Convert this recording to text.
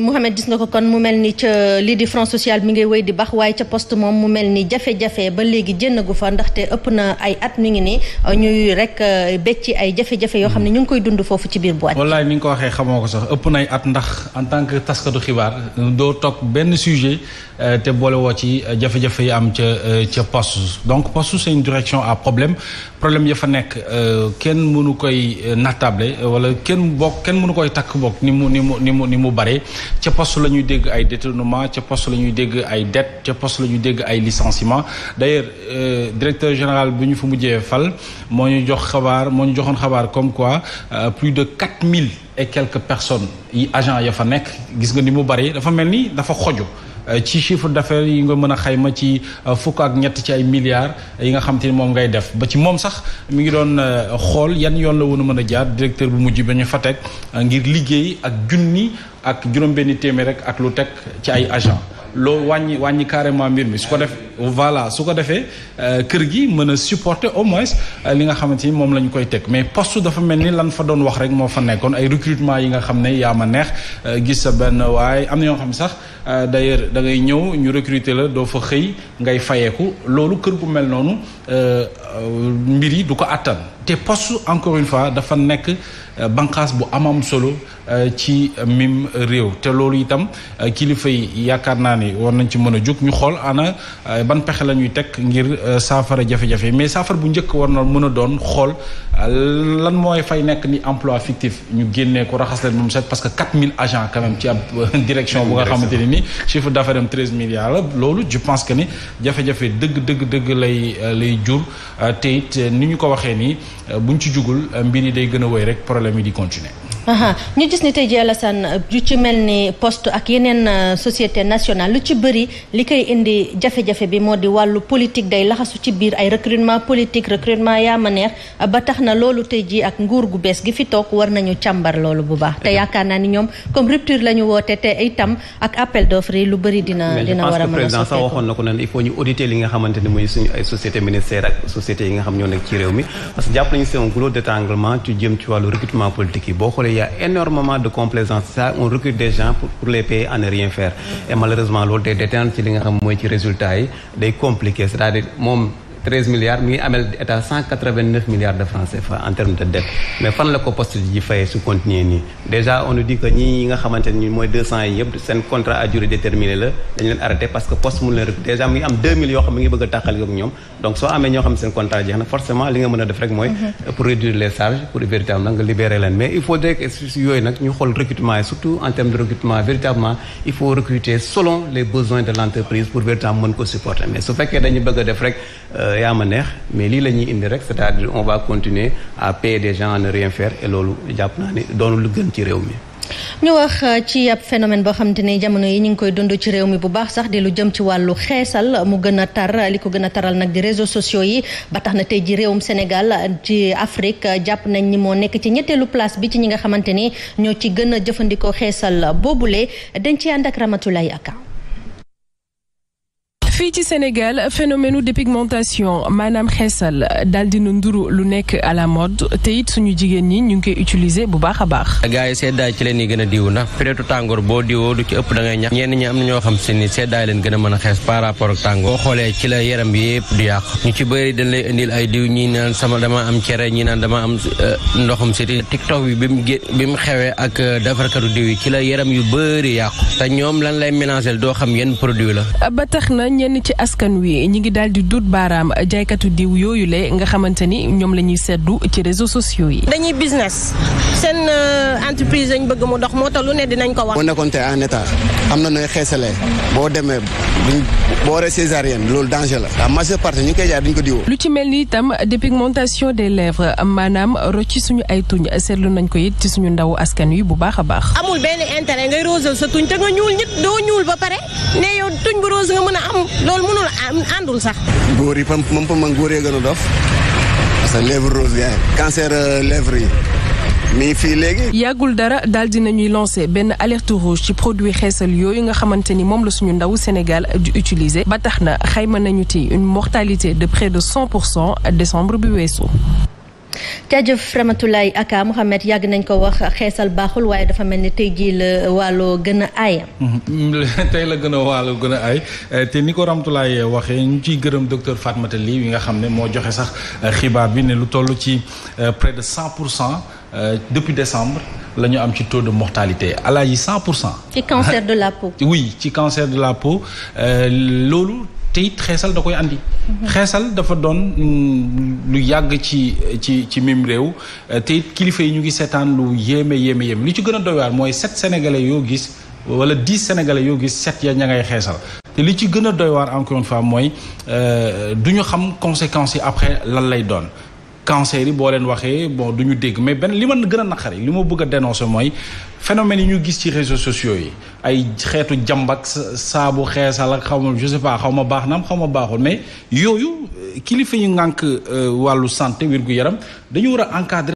Mouhamed gis nga ko kon mu mel ni ca euh, lii di front social mi ngay wéy di baax waaye ca poste moom mu mel ni jafe-jafe ba léegi jënnagu fa ndaxte ëpp na ay at mi ngi nii euh, ñuy rek euh, becci ay jafe-jafe yoo xam ne ñu ngi koy dund foofu ci biir boîte. wallaay ni nga ko waxee xamoo ko sax ëpp nay at ndax en tant que taskatu xibaar doo topp benn sujet te boole woo ci jafe-jafe yi am ca ca poste donc poste c'est une direction a problème problème ya fa nekk kenn mënu koy nattable wala kenn bokk kenn mënu koy takk bokk ni mu ni mu ni mu ni mu bare ca post la ñuy dégg ay détournement ca poste la ñuy dégg ay dette ca poste la ñuy dégg ay licenciement d'ailleurs euh, directeur général bu ñu fa mujjee fal moo ñu jox xabaar moo ñu joxoon xabaar comme quoi euh, plus de mille et quelques personnes yi agent ya fa nekk gis nga ni mu bari dafa mel ni dafa xoju ci chiffre d'affaires yi nga mën a xayma ci euh, fukk ak ñett ci ay milliards yi nga xam ni moom ngay def ba ci moom sax mi ngi doon euh, xool yan yoon la woon a mën a jaar directeur bu mujj ba ñu fa teg euh, ngir liggéey ak junni ak juróom-benni téeméer rek ak lu teg ci ay agent loo wàññi wàññi carrément mbir mi su ko def voilà su ko defee euh, kër gi mën a supporter au moins euh, li nga xamante ni moom la koy teg mais poste dafa mel ni lan fa doon wax rek moo fa nekkoon ay recrutement yi nga xam ne yaa ma neex euh, gis sa benn waaye am na yoo xam sax d'ailleurs da ngay ñëw ñu recruter la doo fa xëy ngay fayeeku loolu kër gu mel noonu mbir yi du ko àttan te poste encore une fois dafa nekk banqaas bu amam solo ci mim réew te loolu itam kilifa yi yaakaar naa ni war nañ ci mën a jóg ñu xool ana ban pexe la ñuy teg ngir euh, saafara jafe-jafe mais saafar bu njëkk war na mën a doon xool euh, lan mooy fay nekk ni emploi fictif ñu génnee ko raxas leen moom set parce que 4000 agents quand même ci ab euh, direction bu nga xamante ne ni chiffre d'affaires am 13 loolu je pense que ni jafe-jafe dëgg dëgg dëgg lay lay jur te ni ñu ko waxee nii buñ ci jugul mbir yi day gën a wéy rek problème yi di continuer ñu gis ni tey jii Alassane yu ci mel ni post ak yeneen euh, société nationale lu ci bëri li koy indi jafe-jafe bi moo di wàllu politique day laxasu ci biir ay recrutement politique recrutement yaa ma neex ba tax na loolu tey jii ak nguur gu bees gi fi toog war nañu càmbar loolu bu baax. te yaakaar naa ni ñoom comme rupture la ñu woote te itam ak appel d'offre yi lu bëri dina. dina war a mën a président sax waxoon ak société yi nga xam ñoo nekk ci réew mi parce jàpp nañu c'est un gros il y a énormément de complaisance ça on recrute des gens pour, les payer à rien faire et malheureusement loolu day déteindre ci li nga xam mooy ci résultat yi day compliqué c'est-à-dire moom treize milliards mi ngi amel état cent quatre vingt neuf milliards de francs CFA en termes de dette mais fan la ko poste ji fayee su continuer nii déjà on nous dit que ñi nga xamante ni mooy deux cent yi yëpp seen contrat à durée déterminée la dañu leen arrêté parce que poste mun leen rek déjà mi ngi am deux mille yoo xam mi ngi bëgg a tàqal yoog ñoom donc soo amee ñoo xam seen contrat jeex na forcément li nga mën a def rek mooy mhm. pour réduire les charges pour véritablement nga libérer leen mais il faut que yooyu nag ñu xool recrutement yi surtout en termes de recrutement véritablement il faut recruter selon les besoins de l'entreprise pour véritablement mën ko supporter mais su fekkee dañu bëgg a def rek euh, Euh, yaa ma neex mais lii la ñuy indi rek c'est-à-dire on va continuer à payer des gens à ne loolu jàpp naa ne doonu lu gën ci réew mi. ñu wax euh, ci ab phénomène boo xamante ne jamono yi ñu ngi koy dund ci réew mi bu baax sax di lu jëm ci wàllu xeesal mu gën a tar li ko gën a taral nag di réseau sociaux yi ba tax na tey ji réewum Sénégal ci Afrique jàpp nañ ni moo nekk ci ñetteelu place bi ci ñi nga xamante ni ñoo ci gën a jëfandikoo xeesal boobule dañ ci ànd ak Ramatoulaye fii ci Sénégal phénomène de pigmentation maanaam xeesal daal dina nduru lu nekk à la mode te it suñu jigéen ñi ñu ngi koy utiliser bu baax a baax. gars yi seddaay ci leen ñuy gën a diw ndax période tàngoor boo diwoo du ci ëpp da ñax ñenn ñi am na ñoo xam si ni seddaay leen gën a mën a xees par rapport ak boo xoolee ci la yaram bi yëpp du yàq ñu ci bëri dañ lay indil ay diw ñi naan sama dama am cere ñi naan dama am euh, ndoxum siti tiktok bi bi mu bi mu xewee ak euh, defarkatu diw yi ci yaram yu bëri yàqu te ñoom lan lay mélanger doo xam yenn produit la ñenn ci askan wi ñi ngi daal di dut baaraam jaaykatu diw yooyu le nga xamante ni ñoom la ñuy seddu ci réseaux sociaux yi. dañuy business seen euh, entreprise lañ bëgg mu dox moo tax lu ne dinañ ko wax. boo nekkoon te en état am na nooy xeesalee boo demee boo waree césarienne loolu danger la. la majeure partie ñu koy jaar duñ ko diwoo. lu ci mel ni itam dépigmentation des lèvres maanaam rocci suñu ay tuñ seetlu nañ ko it ci suñu ndaw askan wi bu baax a baax. amul benn loolu mënul àndul sax. góor yi pam moom man góor gën a dof parce que lèvre rose yaay cancer euh, lèvre yi. mi fii léegi. yàggul dara daal dinañuy lancé benn alerte rouge ci produit xeesal yooyu nga xamante ni moom la suñu ndaw Sénégal a di utiliser ba tax na xayma nañu ci une mortalité de près de cent pour cent décembre bi weesu. jaajëf Ramatoulaye Aka Mouhamed yàgg nañ ko wax xeesal baaxul waaye dafa mel ni tey jii la waalo gën a aay. Mm-hmm. tey la gën a waalo gën a aay eh, te ni ko Ramatoulaye waxee ñu ciy gërëm docteur Fatmata Ly yi nga xam ne moo joxe sax eh, xibaar bi ne lu toll ci eh, près de cent pour cent depuis décembre. la ñu am ci taux de mortalité alaa yi cent pour cent. ci cancer de la peau. oui ci cancer de la peau loolu. te it xeesal da koy andi. xeesal dafa doon lu yàgg ci ci ci mim réew te kilifa yi ñu ngi seetaan lu yéeme yéeme yéeme li ci gën a doy mooy sept sénégalais yoo gis wala dix sénégalais yoo gis set ya ña ngay xeesal. te li ci gën a doy waar encore une fois mooy euh, du ñu xam conséquence yi après lan lay doon. cancer yi boo leen waxee bon du ñu dégg mais benn li ma gën a naqari li ma bëgg a dénoncer mooy phénomène yi ñu gis ci réseaux sociaux yi ay xeetu jàmbak saabu xeesal ak xaw ma je sais xaw ma baax naam xaw ma baaxul mais yooyu kilifa yu ngànk euh, wàllu santé wirgu yaram dañu war a encadrer